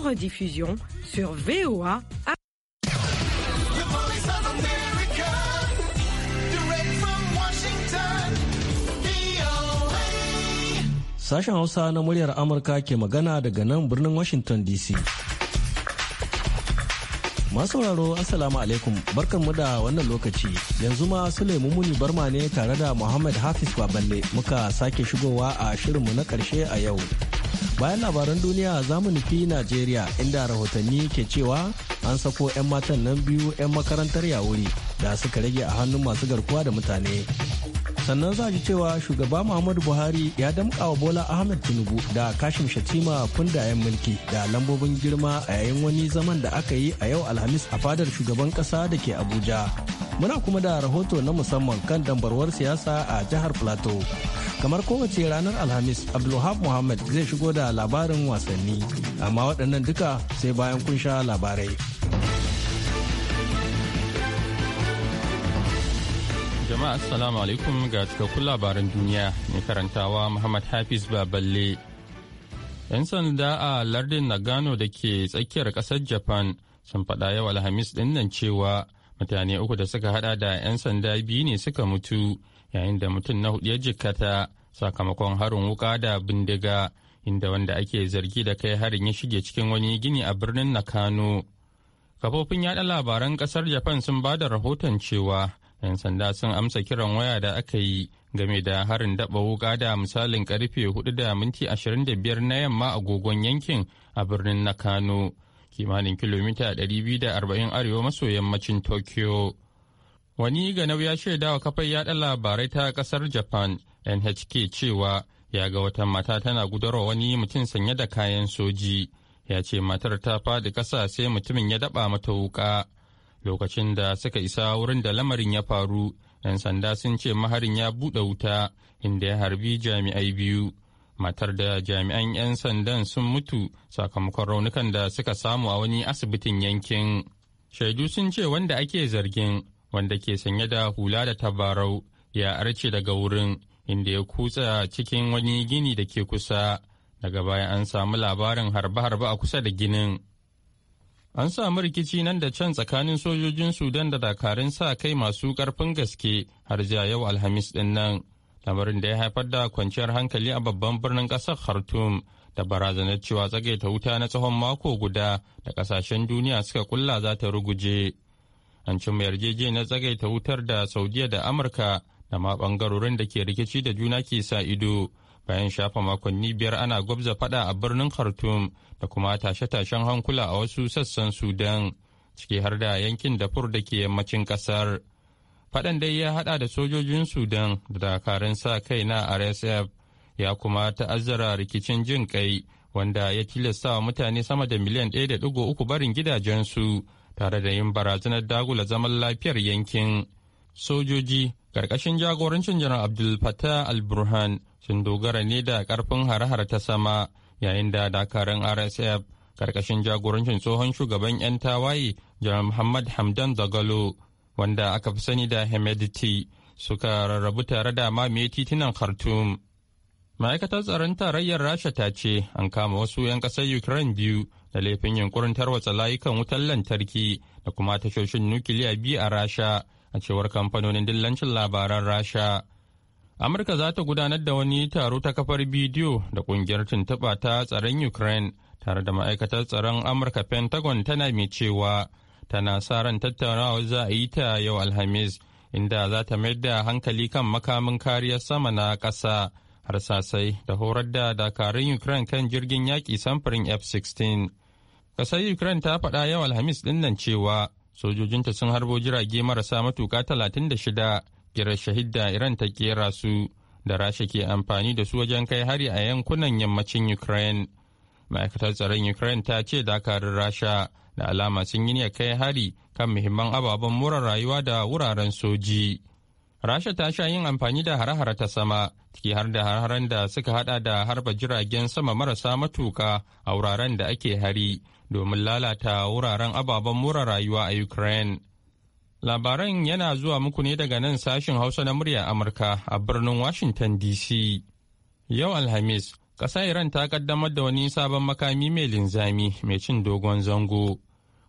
rediffusion sur VOA. Sashen Hausa na muryar Amurka ke magana daga nan birnin Washington DC. Masu sauraro Assalamu alaikum barkanmu da wannan lokaci yanzu ma Sulaimu Muni Barma ne tare da Muhammad Hafiz Baballe muka sake shigowa a shirinmu na karshe a yau. bayan labaran duniya za mu nufi najeriya inda rahotanni ke cewa an sako 'yan matan nan biyu 'yan makarantar yawuri da suka rage a hannun masu garkuwa da mutane sannan za ji cewa shugaba muhammadu buhari ya damƙa wa bola ahmed tinubu da kashim shatima yan mulki da lambobin girma a yayin wani zaman da aka yi a yau alhamis a fadar shugaban ƙasa da ke abuja muna kuma da rahoto na musamman kan dambarwar siyasa a jihar plateau kamar kowace ranar alhamis abdulhab muhammad zai shigo da labarin wasanni amma waɗannan duka sai bayan kun sha labarai Jama'a Assalamu alaikum ga cikakkun labaran duniya mai karantawa Muhammad Hafiz Baballe. 'Yan sanda a lardin Nagano da ke tsakiyar kasar Japan sun faɗa yau Alhamis ɗin cewa mutane uku da suka haɗa da 'yan sanda biyu ne suka mutu yayin da mutum na hudu ya jikkata sakamakon harin wuka da bindiga inda wanda ake zargi da kai harin ya shige cikin wani gini a birnin Nakano. Kafofin yaɗa labaran ƙasar Japan sun ba da rahoton cewa 'yan sanda sun amsa kiran waya da aka yi game da harin daba wuka da misalin karfe 4 da minti 25 na yamma a gogon yankin a birnin na kano kimanin kilomita 240 arewa maso yammacin tokyo wani ganau ya shaida wa kafar yada labarai ta kasar japan nhk cewa ya ga wata mata tana gudarwa wani mutum sanye da kayan soji ya ce matar ta faɗi ƙasa sai mutumin ya daɓa mata wuƙa. lokacin da suka isa wurin da lamarin ya faru 'yan sanda sun ce maharin ya buɗe wuta inda ya harbi jami'ai biyu matar da jami'an 'yan sandan sun mutu sakamakon raunukan da suka samu a wani asibitin yankin shaidu sun ce wanda ake zargin wanda ke sanye da hula da tabarau ya arce daga wurin inda ya kutsa cikin wani gini da ke kusa daga baya an samu labarin harbe-harbe a kusa da ginin An samu rikici nan da can tsakanin sojojin Sudan da dakarun sa kai masu karfin gaske har jiya yau Alhamis ɗin nan. Lamarin da ya haifar da kwanciyar hankali a babban birnin ƙasar Khartoum da barazanar cewa tsagaita wuta na tsawon mako guda da ƙasashen duniya suka kulla za ta ruguje. An cimma yarjejeniyar tsagaita wutar da Saudiya da Amurka da ma ɓangarorin da ke rikici da juna ke sa ido bayan shafa makonni biyar ana gwabza fada a birnin khartoum da kuma tashe-tashen hankula a wasu sassan sudan ciki har da yankin dafur da ke yammacin kasar fadan dai ya hada da sojojin sudan da dakarun sa kai na rsf ya kuma ta'azzara rikicin jin kai wanda ya tilasta wa mutane sama da miliyan 1.3 barin gidajensu tare da yin barazanar dagula zaman lafiyar yankin sojoji ƙarƙashin jagorancin janar abdul fatah al-burhan sun dogara ne da karfin har-har ta sama yayin da dakarun rsf karkashin jagorancin tsohon shugaban 'yan tawaye jiran muhammad hamdan zagalo wanda aka fi sani da hemediti suka rarrabu tare da mamaye titunan khartum. ma'aikatar tsaron tarayyar rasha ta ce an kama wasu 'yan ƙasar ukraine biyu da laifin yunkurin tarwatsa layukan wutar lantarki da kuma tashoshin nukiliya biyu a rasha a cewar kamfanonin dillancin labaran rasha amurka za ta gudanar da wani taro ta kafar bidiyo da kungiyar tuntuɓa ta tsaron ukraine tare da ma'aikatar tsaron amurka pentagon tana mai cewa tana sa ran tattaunawa za a yi ta yau alhamis inda za ta mayar da hankali kan makamin kariyar sama na ƙasa har sasai da horar da dakarun ukraine kan jirgin yaƙi samfurin f-16 ƙasar ukraine ta faɗa yau alhamis ɗin cewa sojojinta sun harbo jirage marasa matuƙa 36 girar shahid Iran ta kera su da Rasha ke amfani da su wajen kai hari a yankunan yammacin Ukraine. Ma'aikatar tsaron Ukraine ta ce dakarun Rasha da alama sun yi kai hari kan muhimman ababen mura rayuwa da wuraren soji. Rasha ta sha yin amfani da har-hara ta sama, ciki har da har da suka hada da harba jiragen sama marasa matuka a wuraren da ake hari domin lalata wuraren ababen mura rayuwa a Ukraine. Labaran yana zuwa muku ne daga nan sashin Hausa na murya Amurka a birnin Washington DC. Yau Alhamis, ƙasa Iran ta kaddamar da wani sabon makami mai linzami mai cin dogon zango.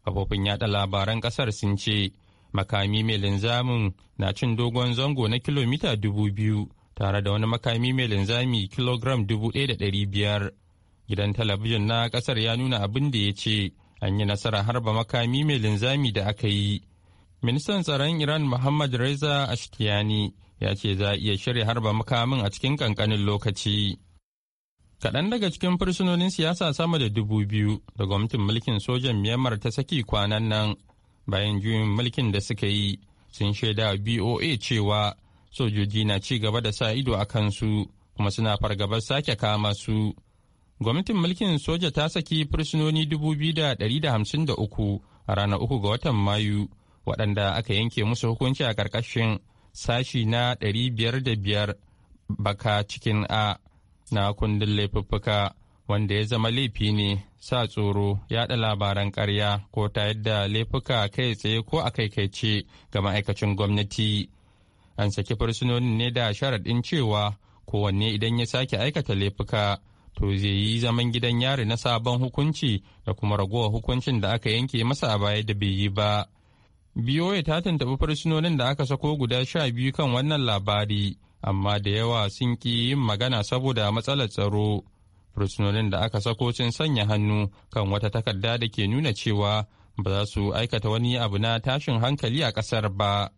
Kafofin yada labaran ƙasar sun ce, makami mai linzamin na cin dogon zango na kilomita dubu biyu tare da wani makami mai linzami kilogram dubu ɗaya da ɗari biyar. Gidan talabijin na ƙasar ya nuna abin da ya ce, an yi nasara harba makami mai linzami da aka yi. Ministan tsaron Iran Muhammad Reza Ashkiyani ya ce za a iya shirya harba makamin a cikin kankanin lokaci. Kaɗan daga cikin fursunonin siyasa sama da dubu biyu da gwamnatin mulkin sojan Myanmar ta saki kwanan nan bayan juyin mulkin da suka yi sun shaida BOA cewa sojoji na ci gaba da sa ido a kansu kuma suna fargabar sake kama su. Gwamnatin mulkin soja ta saki fursunoni dubu biyu da da hamsin uku a ranar uku ga watan Mayu waɗanda aka yanke musu hukunci a ƙarƙashin sashi na biyar da biyar baka cikin a na kundin laifuffuka wanda ya zama laifi ne sa tsoro yaɗa labaran ƙarya ko ta yadda laifuka kai tsaye ko a kaikaice ga ma'aikacin gwamnati an saki fursunonin ne da sharaɗin cewa kowanne idan ya sake aikata laifuka to zai yi zaman gidan yari na sabon hukunci da kuma ragowar hukuncin da aka yanke masa a baya da bai yi ba BOA ta tantabi fursunonin da aka sako guda sha biyu kan wannan labari, amma da yawa sun ki yin magana saboda matsalar tsaro. Fursunonin da aka sako sun sanya hannu kan wata takarda da ke nuna cewa ba za su aikata wani abu na tashin hankali a ƙasar ba.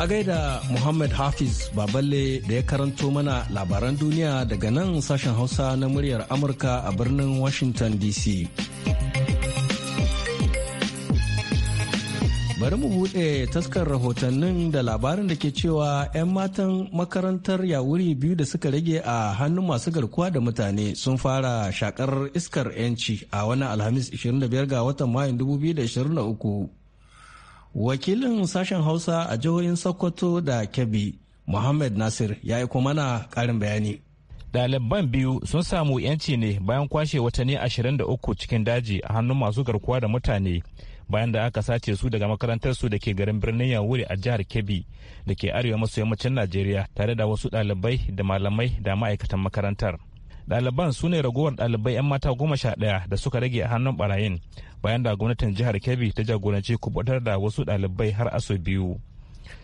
A gaida Muhammad Hafiz Baballe da ya karanto mana labaran duniya daga nan sashen Hausa na muryar Amurka a birnin Washington DC. Bari mu buɗe taskar rahotannin da labarin da ke cewa 'yan matan makarantar yawuri biyu da suka rage a hannun masu garkuwa da mutane sun fara shakar iskar 'yanci a wani Alhamis 25 ga watan Mayun 2023. wakilin sashen hausa a jihohin sokoto da kebbi muhammad nasir ya kuma mana karin bayani ɗaliban biyu sun samu yanci ne bayan kwashe watanni ashirin da uku cikin daji a hannun masu garkuwa da mutane bayan da aka sace su daga makarantar su da ke garin birnin yawuri a jihar kebbi da ke arewa maso yammacin najeriya tare da wasu ɗalibai da malamai da ma'aikatan makarantar ɗaliban su ne ragowar ɗalibai 'yan mata goma sha ɗaya da suka rage a hannun barayin bayan da gwamnatin jihar kebbi ta jagoranci kubutar da wasu ɗalibai har aso biyu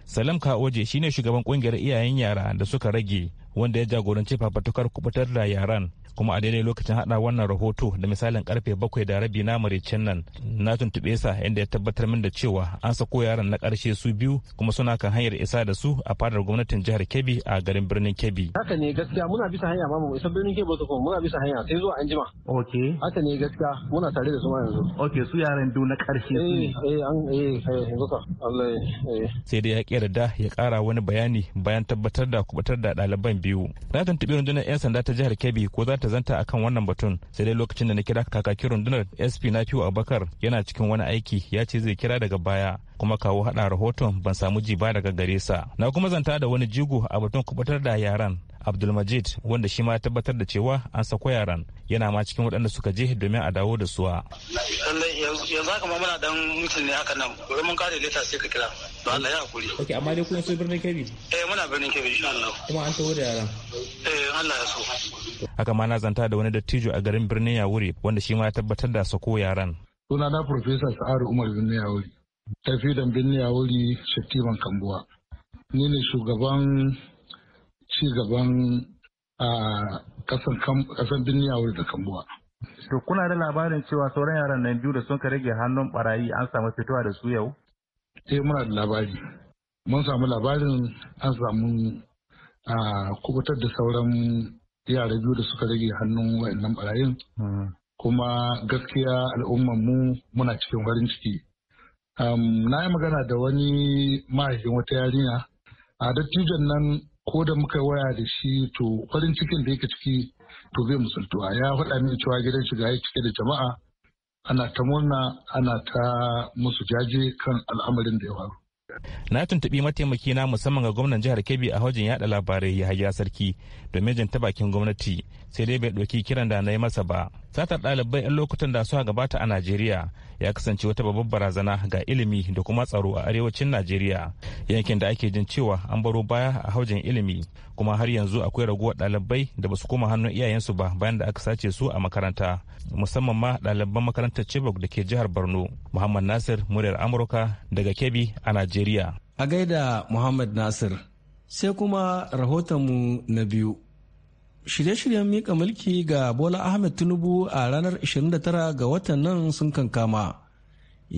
salim kawoje shine shugaban kungiyar iyayen yara da suka rage wanda ya jagoranci fafatukar kubutar da yaran kuma a daidai lokacin hada wannan rahoto da misalin karfe bakwai da rabi na maricen nan na tuntuɓe sa inda ya tabbatar min da cewa an sako yaran na karshe su biyu kuma suna kan hanyar isa da su a fadar gwamnatin jihar Kebbi a garin birnin Kebbi. Haka ne gaskiya muna bisa hanya ma mu isa birnin Kebbi su kuma muna bisa hanya sai zuwa anjima. Okay. Haka ne gaskiya muna tare da su ma yanzu. Okay su yaran biyu na karshe su ne. Eh, eh an eh, eh yanzu Allah eh. Sai dai ya kera da ya kara wani bayani bayan tabbatar da kubutar da ɗaliban biyu. Na tuntube rundunar 'yan sanda ta jihar Kebbi ko za ta zanta akan wannan batun sai dai lokacin da na kira kaka kakakin rundunar sp na fiwa abakar yana cikin wani aiki ya ce zai kira daga baya kuma kawo hada rahoton ban samu jiba daga gare sa na kuma zanta da wani jigo a batun kubutar da yaran abdulmajid wanda shi ma ya tabbatar da cewa an sako yaran yana ma cikin waɗanda suka je domin a dawo da suwa yanzu haka ma muna dan mutum ne haka nan gobe mun kare leta sai ka kira to Allah ya hakuri okay amma dai kun so birnin Kebbi eh muna birnin Kebbi insha Allah kuma an taho da yaran eh Allah ya so haka ma na zanta da wani dattijo a garin birnin Yawuri wanda shi ma ya tabbatar da sako yaran Suna na professor Sa'aru Umar birnin Yawuri tafi da birnin Yawuri Shattiman Kambuwa ni ne shugaban ci gaban kasan duniya wuri da kambuwa. To kuna da labarin cewa sauran yaran nan biyu da sun ka rage hannun barayi an samu fitowa da su yau? Eh muna da labari. Mun samu labarin an samu kubutar da sauran yara biyu da suka rage hannun wa'annan barayin. Hmm. Kuma gaskiya al'ummar mu muna cikin farin ciki. na yi magana da wani mahaifin wata yarinya. A dattijon nan ko da muka waya da shi to farin cikin da yake ciki to zai musultuwa ya faɗa min cewa gidan shiga ya cike da jama'a ana ta murna ana ta musu jaje kan al'amarin da ya faru. Na tuntuɓi mataimaki na musamman ga gwamnan jihar Kebbi a hajjin yaɗa labarai hajiya Sarki domin jin ta bakin gwamnati sai dai bai ɗauki kiran da na yi masa ba. Satar ɗalibai 'yan lokutan da suka gabata a Najeriya ya kasance wata babbar barazana ga ilimi da kuma tsaro a arewacin najeriya yankin da ake jin cewa an baro baya a haujin ilimi kuma har yanzu akwai raguwar ɗalibai da basu koma hannun iyayensu ba bayan da aka sace su a makaranta musamman ma ɗaliban makarantar chibok da ke jihar borno muhammad nasir muryar amurka daga kebbi a najeriya a gaida muhammad nasir sai kuma rahotonmu na biyu shirye-shiryen mika mulki ga bola ahmed tinubu a ranar 29 ga watan nan sun kankama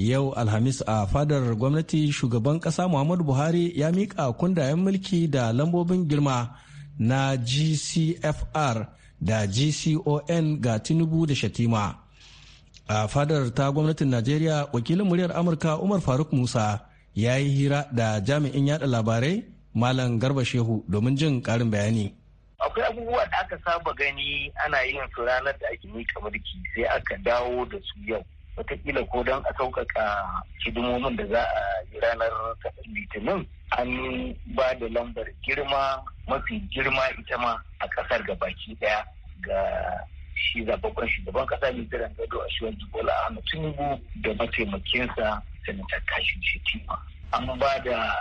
yau alhamis a fadar gwamnati shugaban kasa muhammadu buhari ya mika kundayen mulki da lambobin girma na gcfr da gcon ga tinubu da shatima a fadar ta gwamnatin najeriya wakilin muryar amurka umar faruk musa ya yi hira da jami'in yada labarai malam garba shehu domin jin karin bayani akwai abubuwa da aka saba gani ana yin su ranar da ake miƙa mulki sai aka dawo da su yau wataƙila ko don a sauƙaƙa hidimomin da za a yi ranar litinin an ba da lambar girma mafi girma ita ma a ƙasar gabaki ɗaya ga shi zababban shugaban ƙasa mai jiran gado a shiwon jibola ahmed tinubu da mataimakinsa sanata kashin ba. an ba da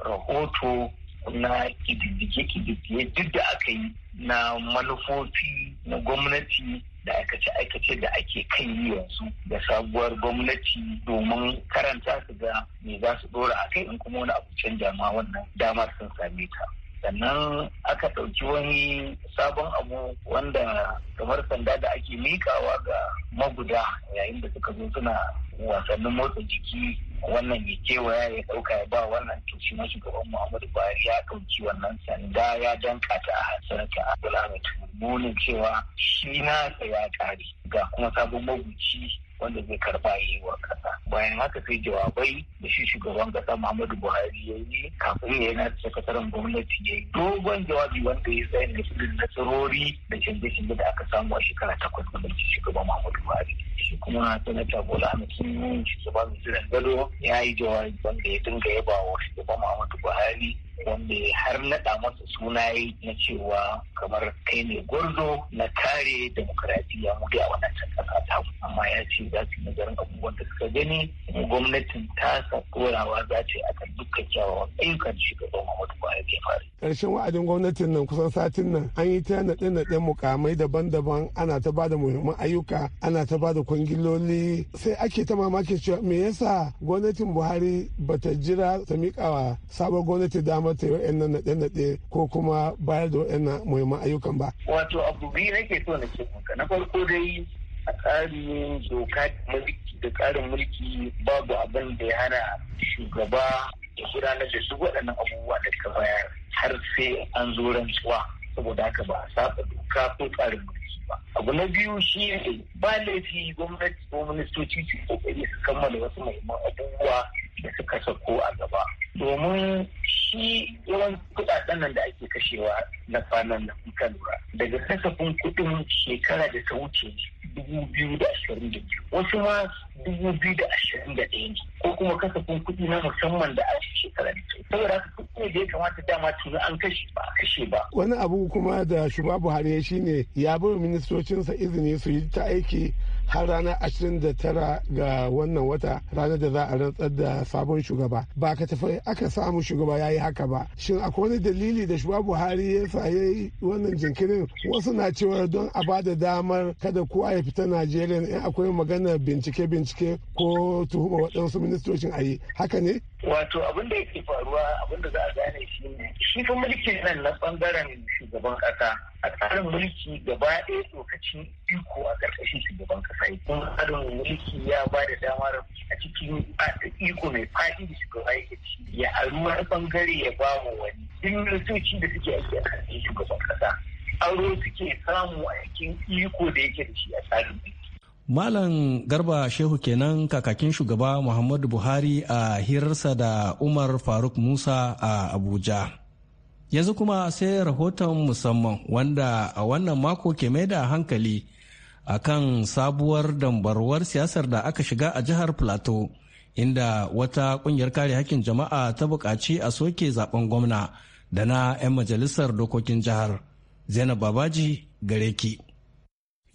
rahoto na kididdige-kididdige duk da aka yi na manufofi na gwamnati da aikace-aikace da ake kan yi yanzu da sabuwar gwamnati domin karanta su ga me za su dora a kai in kuma wani abu canja ma wannan damar sun same ta. sannan aka ɗauki wani sabon abu wanda kamar sanda da ake mikawa ga maguda yayin da suka zo suna wasannin motsa jiki wannan ya kewaya ya dauka ya ba wannan to shi ma shugaban Muhammadu Buhari ya dauki wannan sanda ya danka ta a sanata Abdulhamid nunin cewa shi na ya kare ga kuma sabon mabuci wanda zai karba ya yi wa kasa bayan haka sai jawabai da shi shugaban kasa muhammadu buhari ya yi kafin ya yana sakataren gwamnati ya yi dogon jawabi wanda ya zai na filin nasarori da canje-canje da aka samu a shekara takwas mulki shugaban muhammadu buhari shi kuma sanata bola ahmed tinubu shugaban zirin gado ya yi jawabi wanda ya dinga yaba wa shugaban muhammadu buhari wanda har naɗa masa sunaye na cewa kamar kai ne gwarzo na kare demokaradiyya mu a wannan ƙasa ta amma ya ce za su nazarin abubuwan da suka gani gwamnatin ta sa korawa za ta a kan dukkan kyawawan ayyukan shugaban Muhammadu Buhari ke fara Ƙarshen wa'adin gwamnatin nan kusan satin nan an yi ta naɗe-naɗe mukamai daban-daban ana ta bada muhimman ayyuka ana ta bada kwangiloli sai ake ta mamakin cewa me yasa gwamnatin Buhari bata jira ta miƙawa sabon gwamnati dama mata ta naɗe-naɗe ko kuma bayar da wa'annan muhimman ayyukan ba. Wato abu biyu nake so na ce maka na farko dai a tsarin doka mulki da tsarin mulki babu abin da ya hana shugaba ya gudanar da duk waɗannan abubuwa da ka bayar har sai an zo rantsuwa saboda haka ba a saba doka ko tsarin mulki ba. Abu na biyu shi ne ba laifi gwamnati ko ministoci su kokari su kammala wasu muhimman abubuwa da suka sako a gaba. Domin shi yawan kudaden nan da ake kashewa na kwanan nan lura daga kasafin kudin shekara da ta wuce dubu biyu da ashirin da biyu wasu ma dubu biyu da ashirin da ɗaya ne ko kuma kasafin kuɗi na musamman da a shekara da ta saboda haka ne da ya kamata dama tuni an kashe ba a kashe ba. wani abu kuma da shugaba buhari ya shine ya bar ministocinsa izini su yi ta aiki har ranar 29 ga wannan wata ranar da za a rantsar da sabon shugaba ba ka tafi aka samu shugaba ya yi haka ba shin akwai wani dalili da shugaba buhari ya sa ya yi wannan jinkirin wasu na cewa don a ba da damar kada kowa ya fita najeriya in akwai magana bincike bincike ko tuhuma waɗansu ministocin a yi haka ne wato abin da yake faruwa abin da za a gane shi ne shi fa mulkin nan na bangaren shugaban ƙasa a tsarin mulki gaba ɗaya tsokacin iko a ƙarƙashin shugaban ƙasa ya kuma tsarin mulki ya ba da damar a cikin iko mai faɗi da shugaba yake ci ya aruwar bangare ya ba mu wani duk ministoci da suke aiki a ƙarƙashin shugaban ƙasa aro suke samu a cikin iko da yake da shi a tsarin mulki Malam Garba Shehu kenan kakakin shugaba Muhammadu Buhari a hirarsa da Umar Faruk Musa a Abuja. yanzu kuma sai rahoton musamman wanda a wannan mako ke mai da hankali a kan sabuwar dambarwar siyasar da aka shiga a jihar plateau inda wata kungiyar kare hakkin jama'a ta buƙaci a soke zaben gwamna da na 'yan majalisar dokokin jihar zainab babaji gare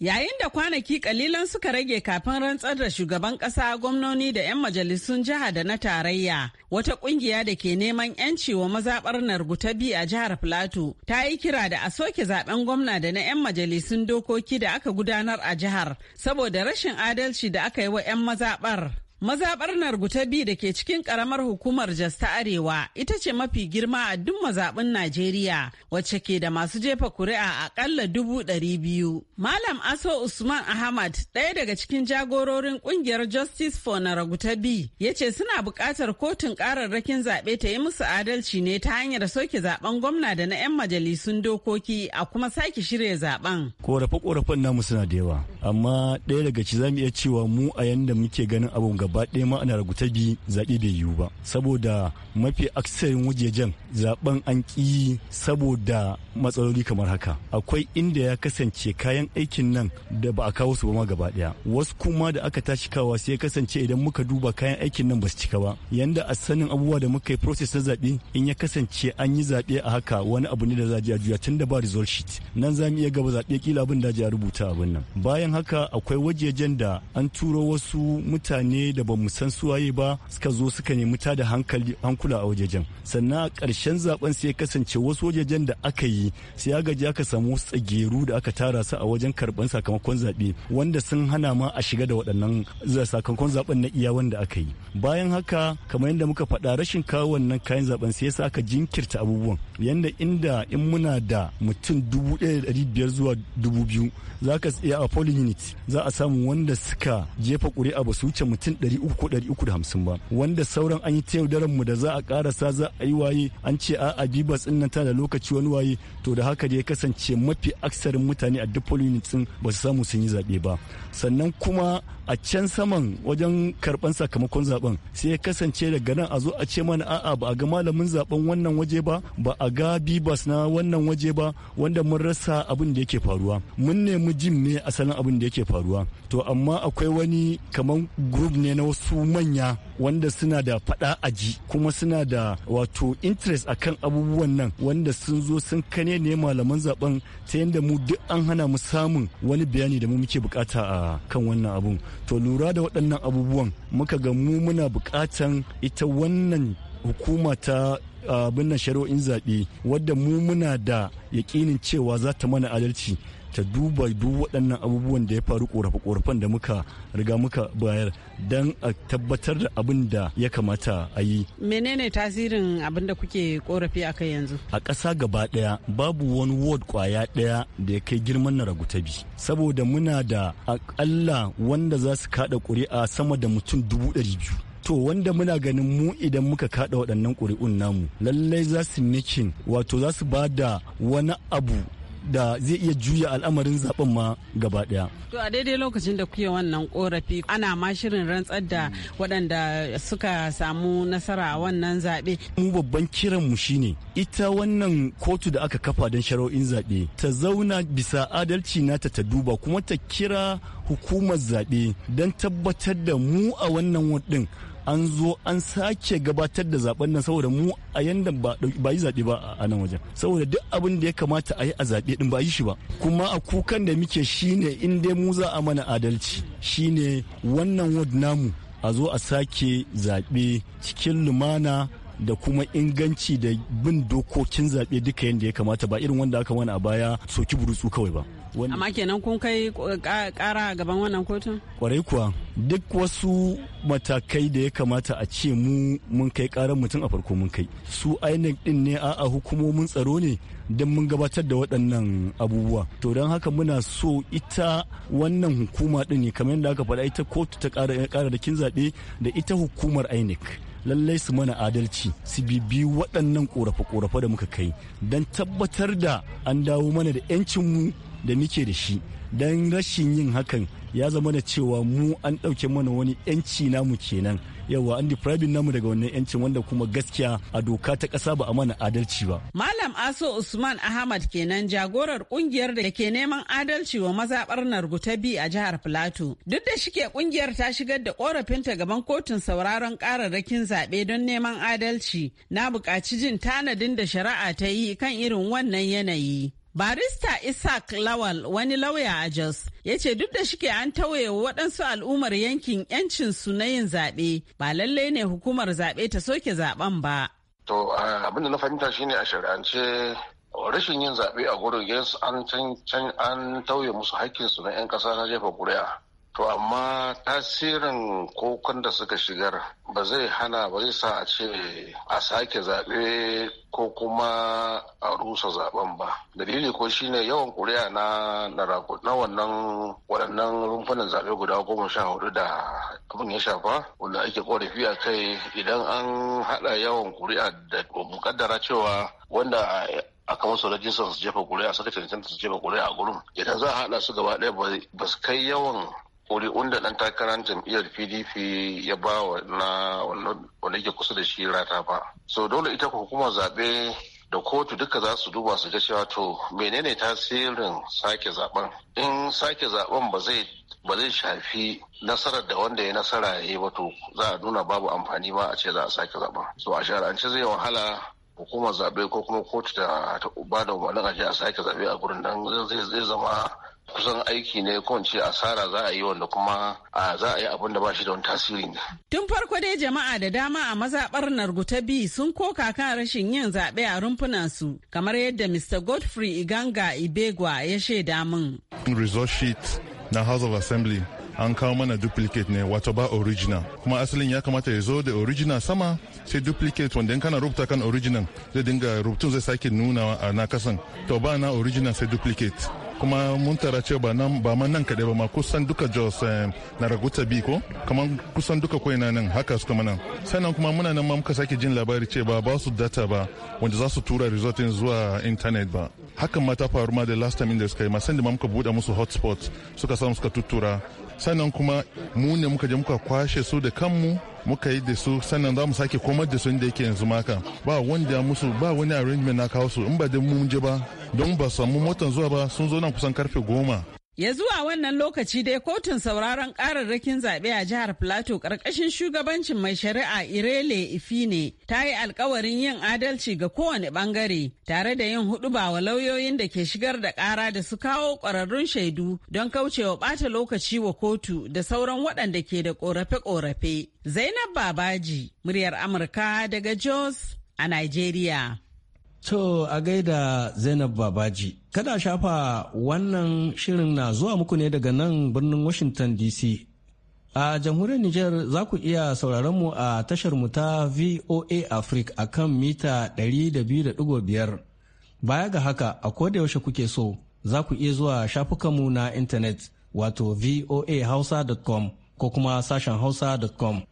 Yayin da kwanaki kalilan suka rage kafin rantsar da shugaban kasa gwamnoni da 'yan majalisun jiha da na tarayya, wata kungiya da ke neman 'yanci wa mazaɓar Nargutabi a jihar Filato ta yi kira da a soke zaben gwamna da na 'yan majalisun dokoki da aka gudanar a jihar saboda rashin adalci da aka yi wa 'yan mazaɓar. Mazaɓar Narguta biyu da ke cikin ƙaramar hukumar Jos ta Arewa ita ce mafi girma a duk mazaɓin Najeriya wacce ke da masu jefa kuri'a aƙalla dubu ɗari biyu. Malam Aso Usman Ahmad ɗaya daga cikin jagororin ƙungiyar Justice for Narguta biyu ya ce suna buƙatar kotun ƙararrakin zaɓe ta yi musu adalci ne ta hanyar soke zaɓen gwamna da na 'yan majalisun dokoki a kuma sake shirya zaɓen. Korafe-korafen namu suna da yawa amma ɗaya daga ci za mu iya cewa mu a yanda muke ganin abun gaba gaba ɗaya ma ana bi zaɓe bai yiwu ba saboda mafi aksarin wajejen zaben an ƙi saboda matsaloli kamar haka akwai inda ya kasance kayan aikin nan da ba a kawo su ba ma gaba ɗaya wasu kuma da aka tashi kawa sai kasance idan muka duba kayan aikin nan ba su cika ba yanda a sanin abubuwa da muka yi process na zaɓe in ya kasance an yi zaɓe a haka wani abu ne da za a juya tun da ba result sheet nan za mu iya gaba zaɓe kila abin da a rubuta abin nan bayan haka akwai wajejen da an turo wasu mutane da da ba mu san waye ba suka zo suka nemi ta da hankali hankula a wajejen sannan a ƙarshen zaben sai ya kasance wasu wajejen da aka yi sai ya gaji aka samu tsageru da aka tara su a wajen karban sakamakon zaɓe wanda sun hana ma a shiga da waɗannan sakamakon zaben na iya wanda aka yi bayan haka kamar yadda muka faɗa rashin kawo wannan kayan zaben sai yasa aka jinkirta abubuwan yanda inda in muna da mutum dubu ɗaya da biyar zuwa dubu biyu za ka tsaya a polling unit za a samu wanda suka jefa ƙuri'a ba su wuce mutum ɗari 350 ba wanda sauran an yi ta mu da za a karasa za a yi waye an ce a a bibas din da lokaci wani waye to da haka da ya kasance mafi aksarin mutane a duk unitsin din ba su samu sun yi zaɓe ba sannan kuma a can saman wajen karban sakamakon zaben sai ya kasance daga nan a zo a ce mana a'a ba a ga malamin zaben wannan waje ba ba a ga bibas na wannan waje ba wanda mun rasa abin da yake faruwa mun nemi jin ne asalin abin da yake faruwa to amma akwai wani kamar group ne na wasu manya wanda suna da fada aji kuma suna da wato interest a kan abubuwan nan wanda sun zo sun kane ne malaman zaben ta yadda mu duk an hana mu samun wani bayani da mu muke bukata a kan wannan abun to lura da waɗannan abubuwan muka ga mu muna bukatan ita wannan hukuma ta abin nan shari'o'in zaɓe wadda mu muna da yakinin cewa za ta mana adalci ta duba duk waɗannan abubuwan da ya faru korafe-korafen da muka riga muka bayar don a tabbatar da abin da ya kamata a yi. Menene tasirin abin da kuke korafi a kai yanzu? A ƙasa gaba ɗaya babu wani ward kwaya ɗaya da ya kai girman na ragutabi. Saboda muna da aƙalla wanda za su kaɗa ƙuri'a sama da mutum dubu ɗari biyu. to wanda muna ganin mu idan muka kaɗa waɗannan ƙuri'un namu lallai za su nikin wato za su ba da wani abu da zai iya juya al'amarin zaben ma gaba daya. To a daidai lokacin da kuke wannan korafi ana ma shirin rantsar da waɗanda suka samu nasara a wannan zaɓe. Mu babban kiran mu shine ita wannan kotu da aka kafa don shari'o'in zaɓe ta zauna bisa adalci nata ta duba kuma ta kira hukumar zaɓe don tabbatar da mu a wannan wadin an zo an sake gabatar da zaben nan saboda mu a yanda ba yi zaɓe ba a nan wajen saboda duk abin da ya kamata a yi a zaɓe din ba yi shi ba kuma a kukan da muke shine in dai mu za a mana adalci shine wannan wad namu a zo a sake zaɓe cikin lumana da kuma inganci da bin dokokin zaɓe duka yadda ya kamata ba irin wanda aka mana a baya soki burutsu kawai ba. Amma kenan kun kai ƙara eh, gaban wannan kotun? Kwarai kuwa duk wasu matakai da ya kamata a ce mu mun kai karar mutum a farko mun kai. Su INEC din ne a'a hukumomin tsaro ne don mun gabatar da waɗannan abubuwa. To don haka muna so ita wannan hukuma din ne kamar yadda aka faɗa ita kotu ta kara ƙararrakin zaɓe da ita hukumar INEC. lallai su mana adalci su bibi waɗannan ƙorafe-ƙorafe da muka kai don tabbatar da an dawo mana da 'yancinmu da muke da shi don rashin yin hakan ya zama da cewa mu an ɗauke mana wani 'yanci namu kenan yawa an depriving namu daga wannan yancin wanda kuma gaskiya a doka ta kasa ba a mana adalci ba malam aso usman ahmad kenan jagorar kungiyar da ke neman adalci wa mazabar narguta bi a jihar plateau duk da shike kungiyar ta shigar da korafinta gaban kotun sauraron kararrakin zaɓe don neman adalci na buƙaci jin tanadin da shari'a ta yi kan irin wannan yanayi Barista Isaac Lawal wani lauya a Jos ya ce duk da shike an tauye waɗansu al'ummar yankin yancin su na yin zaɓe ba lallai ne hukumar zaɓe ta soke zaɓen ba. To abin na fahimta shine a shari'ance rashin yin zaɓe a gurin an tauye musu haƙƙinsu na 'yan ƙasa na jefa ƙuri'a. to amma tasirin kokon da suka shigar ba zai hana ba zai sa a ce a sake zaɓe ko kuma a rusa zaben ba dalili ko shine yawan kuri'a na na wannan waɗannan rumfunan zaɓe guda goma sha hudu da abin ya shafa wanda ake korafi a kai idan an haɗa yawan kuri'a da mukaddara cewa wanda a kama musu rajistar su jefa kuri'a suka cancanta su jefa kuri'a a gurin idan za a haɗa su gaba ɗaya ba su kai yawan kuri'un da ɗan takarar jam'iyyar pdp ya ba wa na wanda ke kusa da shi rata ba so dole ita hukumar zaɓe da kotu duka za su duba su ga cewa to menene tasirin sake zaɓen? in sake zaɓen ba zai ba zai shafi nasarar da wanda ya nasara ya yi ba to za a nuna babu amfani ba a ce za a sake zaɓen so a shara'ance zai wahala hukumar zaɓe ko kuma kotu ta ba da umarnin aje a sake zaɓe a gurin nan zai zama kusan aiki ne ko ce asara za a yi wanda kuma za a yi abin da ba shi da wani tasiri ne. Tun farko dai jama'a da dama a mazaɓar Narguta B sun koka kan rashin yin zaɓe a rumfunan su kamar yadda Mr. Godfrey Iganga Ibegwa ya shaida min. Result sheet na House of Assembly an kawo mana duplicate ne wato ba original kuma asalin ya kamata ya zo da original sama sai duplicate wanda in kana rubuta kan original zai dinga rubutun zai sake nuna a na kasan to ba na original sai duplicate kuma mun tara ce ba nan ba man nan kaɗai ba ma kusan duka jos eh, na raguta bi ko kamar kusan duka kwai na nan haka suka nan sannan kuma muna nan ma muka sake jin labari ce ba ba su data ba wanda za su tura result zuwa internet ba hakan ma ta faru ma da last time da suka yi ma sanda ma muka buɗe musu hotspot suka samu suka tuttura sannan kuma mu ne muka je muka kwashe su da kanmu muka yi da su sannan za mu sake komar da su inda yake yanzu maka ba wanda musu ba wani arrangement na kawo su in ba da mun je ba don ba samu motan zuwa ba sun zo nan kusan karfe goma Ya zuwa wannan lokaci dai kotun sauraron kararrakin zaɓe a jihar Plateau ƙarƙashin shugabancin mai shari'a Irele Ifine ta yi alkawarin yin adalci ga kowane ɓangare tare da yin huɗubawa wa lauyoyin da ke shigar da ƙara da su kawo ƙwararrun shaidu don kauce wa ɓata lokaci wa kotu da sauran waɗanda ke da ƙorafe-ƙorafe. Zainab Babaji, muryar Amurka daga Jos a Nigeria. To a gaida Zainab Babaji, kada shafa wannan shirin na zuwa muku ne daga nan birnin Washington DC. A jamhuriyar Nijar za ku iya sauraron mu a tashar mu ta VOA Africa a kan mita 200.5. Baya ga haka a koda yaushe kuke so za ku iya zuwa shafukanmu na intanet wato voahausa.com ko kuma sashen hausa.com.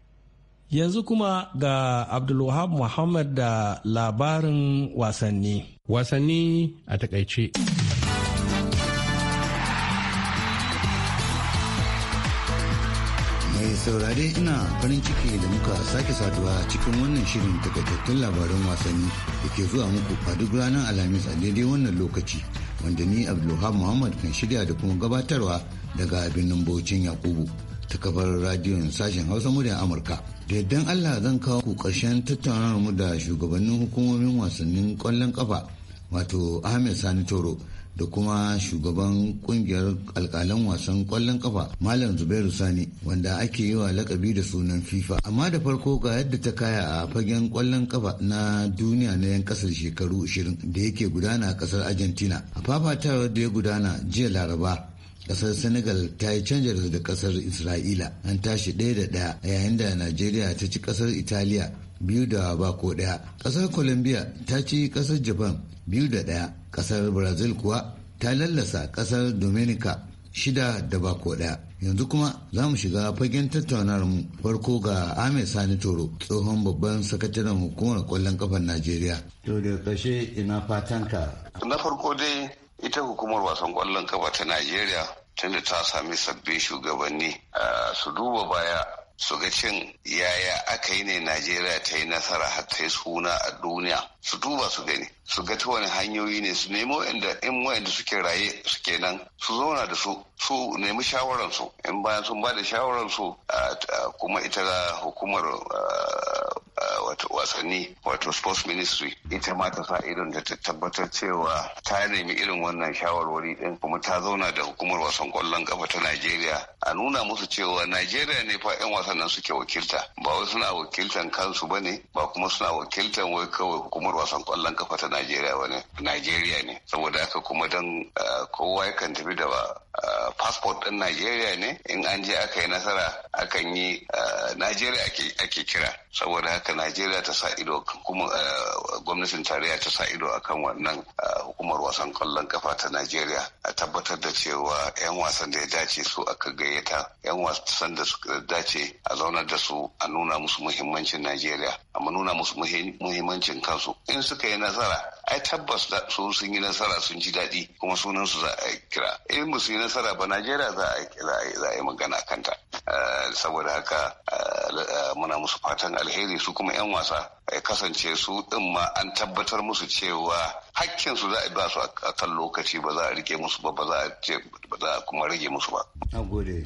Yanzu kuma ga Abdulwahab Muhammad da labarin wasanni. Wasanni a takaice. Mai saurare ina farin ciki da muka sake saduwa cikin wannan shirin takaitattun labarin wasanni da ke zuwa muku a duk ranar Alhamis a daidai wannan lokaci wanda ni Abdulwahab Muhammad kan shirya da kuma gabatarwa daga birnin Bauchin Yakubu. ta kafar radiyon sashen hausa muryar amurka da yardan allah zan kawo ku ƙarshen tattaunawar mu da shugabannin hukumomin wasannin ƙwallon ƙafa wato ahmed sani toro da kuma shugaban kungiyar alkalan wasan ƙwallon ƙafa malam zubairu sani wanda ake yi wa lakabi da sunan fifa amma da farko ga yadda ta kaya a fagen kwallon ƙafa na duniya na yan kasar shekaru 20 da yake gudana a ƙasar argentina a fafatawar da ya gudana jiya laraba kasar senegal ta yi canjar da kasar isra'ila an tashi ɗaya da ɗaya a yayin da najeriya ta ci kasar italiya biyu da bako ɗaya kasar colombia ta ci kasar japan biyu da ɗaya kasar brazil kuwa ta lallasa kasar dominica shida da bako ɗaya yanzu kuma za mu shiga fagen tattaunawar mu farko ga ahmed sani toro tsohon babban sakataren hukumar kwallon kafar najeriya to da kashe ina fatanka na farko dai ita hukumar wasan kwallon kafa ta najeriya tunda ta sami sabbin shugabanni su duba baya su ga cin yaya aka yi ne najeriya ta yi nasara har ta yi suna a duniya su duba su gani su ga ta wani hanyoyi ne su nemo inda in wa'anda suke raye suke nan su zauna da su su nemi shawaran su in bayan sun ba da shawaran su kuma ita hukumar wato wasanni wato sports ministry ita ma ta sa irin da ta tabbatar cewa ta nemi irin wannan shawarwari din kuma ta zauna da hukumar wasan kwallon kafa ta Najeriya a nuna musu cewa Najeriya ne fa 'yan wasan nan suke wakilta ba wai suna wakiltan kansu bane ba kuma suna wakiltan wai kawai hukumar wasan kwallon kafa ta Najeriya wani ne Najeriya ne saboda haka kuma don eh, kowa yakan tafi da passport ɗin Najeriya ne in an je aka yi nasara akan yi eh, Najeriya ake kira saboda haka Najeriya ta sa ido kuma eh, gwamnatin tarayya ta sa ido akan wannan eh, hukumar wasan kwallon kafa ta Najeriya a tabbatar da cewa 'yan wasan da ya dace su aka gayyata 'yan wasan da suka dace a zaunar da su a nuna musu muhimmancin Najeriya amma nuna musu muhimmancin kansu in suka yi nasara ai tabbas su sun yi nasara sun ji daɗi kuma sunan su za a kira in nasara ba najeriya za a yi magana kanta eh, saboda haka eh, muna musu fatan alheri su kuma 'yan wasa ya kasance su din ma an tabbatar musu cewa hakkin su za a ba su a kan lokaci ba za a rike musu ba ba za a kuma rage musu ba na gode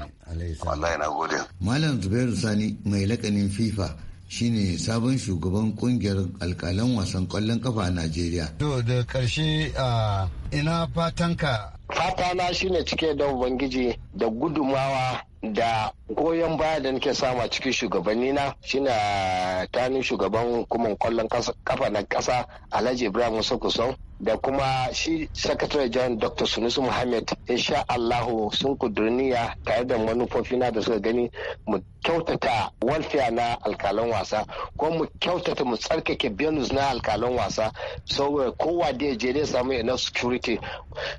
wallahi na gode malam zubairu sani mai lakanin fifa shine sabon shugaban kungiyar alkalan wasan kwallon kafa a najeriya to da karshe ah, ina fatanka Fatana shine cike da Ubangiji da gudumawa da goyon baya da nake sama cikin shugabanni na shine tani shugaban hukumar kwallon kafa na kasa alhaji ibrahim musa da kuma shi secretary john dr sunusu muhammad insha allahu sun kudurniya tare da manufofi na da suka gani mu kyautata walfiya na alkalan wasa ko mu kyautata mu tsarkake benus na alkalan wasa saboda kowa da ya je zai samu enough security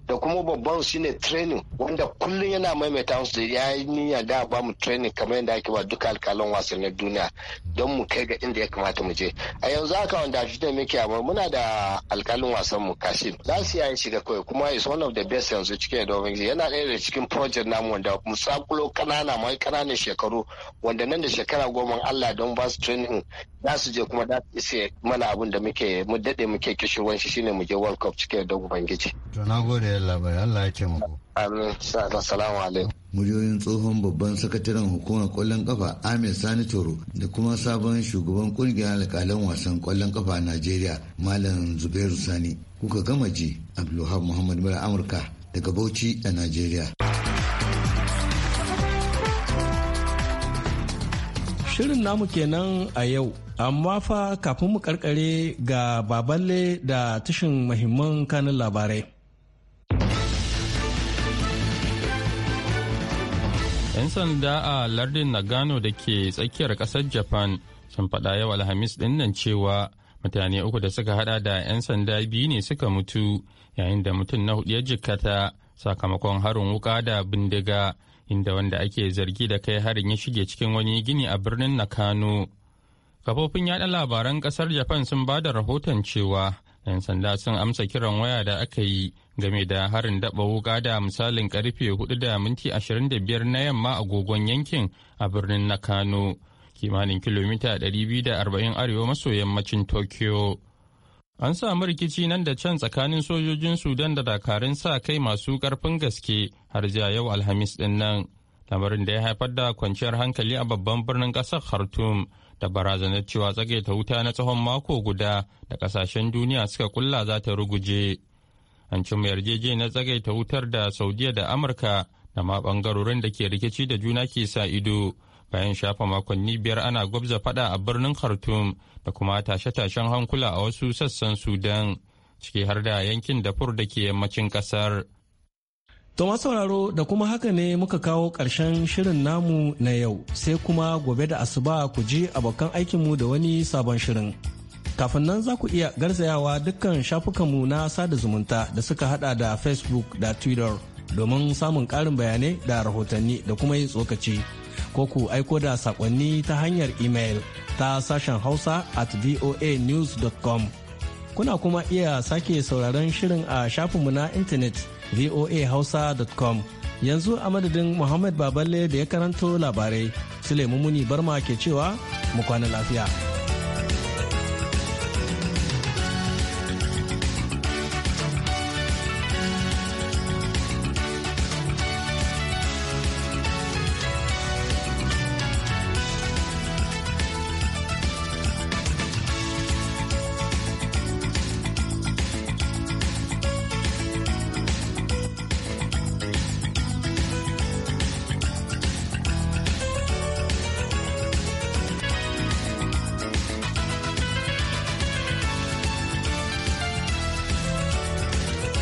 da kuma babban shine training wanda kullum yana maimaita su da ya duniya da ba mu training kamar yadda ake ba duka alkalan wasannin duniya don mu kai ga inda ya kamata mu je a yanzu haka wanda a fitar muke amma muna da alkalin wasan mu kashin za su yayin shiga kawai kuma is one of the best yanzu cikin da yana ɗaya da cikin project namu wanda mu sakulo kanana mai kananan shekaru wanda nan da shekara goma Allah don ba su training za su je kuma da su mana abin da muke mu dade muke kishirwan shi shine mu je World Cup cikin da Ubangiji. To na gode Allah bai Allah ya ke muku. Assalamu alaikum. Muryoyin tsohon babban sakataren hukumar kwallon kafa Ahmed Sani Toro da kuma sabon shugaban kungiyar alkalan wasan kwallon kafa a Najeriya Malam Zubairu Sani. Kuka gama ji Abdulhab Muhammad Mura Amurka daga Bauchi a Najeriya. Shirin namu kenan a yau, amma fa kafin mu karkare ga baballe da tashin mahimman kanin labarai. 'Yan sanda a lardin Nagano da ke tsakiyar kasar Japan sun faɗa yau Alhamis ɗin cewa mutane uku da suka hada da 'yan sanda biyu ne suka mutu yayin da mutum na hudu ya jikkata sakamakon harin wuka da bindiga inda wanda ake zargi da kai harin ya shige cikin wani gini a birnin Nakano. Kafofin yada labaran kasar Japan sun ba da rahoton cewa 'yan sanda sun amsa kiran waya da aka yi game da harin daba wuka da misalin karfe 4 da minti 25 na yamma a gogon yankin a birnin na kano kimanin kilomita 240 arewa maso yammacin tokyo an samu rikici nan da can tsakanin sojojin sudan da dakarun sa kai masu karfin gaske har jiya yau alhamis din nan lamarin da ya haifar da kwanciyar hankali a babban birnin ƙasar khartoum da barazanar cewa tsagaita wuta na tsawon mako guda da kasashen duniya suka kulla za ta ruguje. An cimma yarjejeniyar tsagaita wutar da Saudiya da Amurka da ma bangarorin da ke rikici da juna ke sa ido bayan shafa makonni biyar ana gwabza fada a birnin Khartoum da kuma tashe-tashen hankula a wasu sassan Sudan ciki har da yankin dafur da ke yammacin kasar. To sauraro da kuma haka ne muka kawo ƙarshen shirin namu na yau sai kuma gobe da asuba ku ji abokan aikinmu da wani sabon shirin. Kafin nan za ku iya garzayawa dukkan shafukanmu na sada zumunta da suka hada da Facebook da Twitter domin samun ƙarin bayanai da rahotanni da kuma yin tsokaci. Ko ku aiko da saƙonni ta hanyar email ta sashen hausa at voanews.com. Kuna kuma iya sake sauraron shirin a shafinmu na intanet. voahausa.com yanzu a madadin muhammad baballe da ya karanto labarai sulaimu muni barma ke cewa mu kwana lafiya.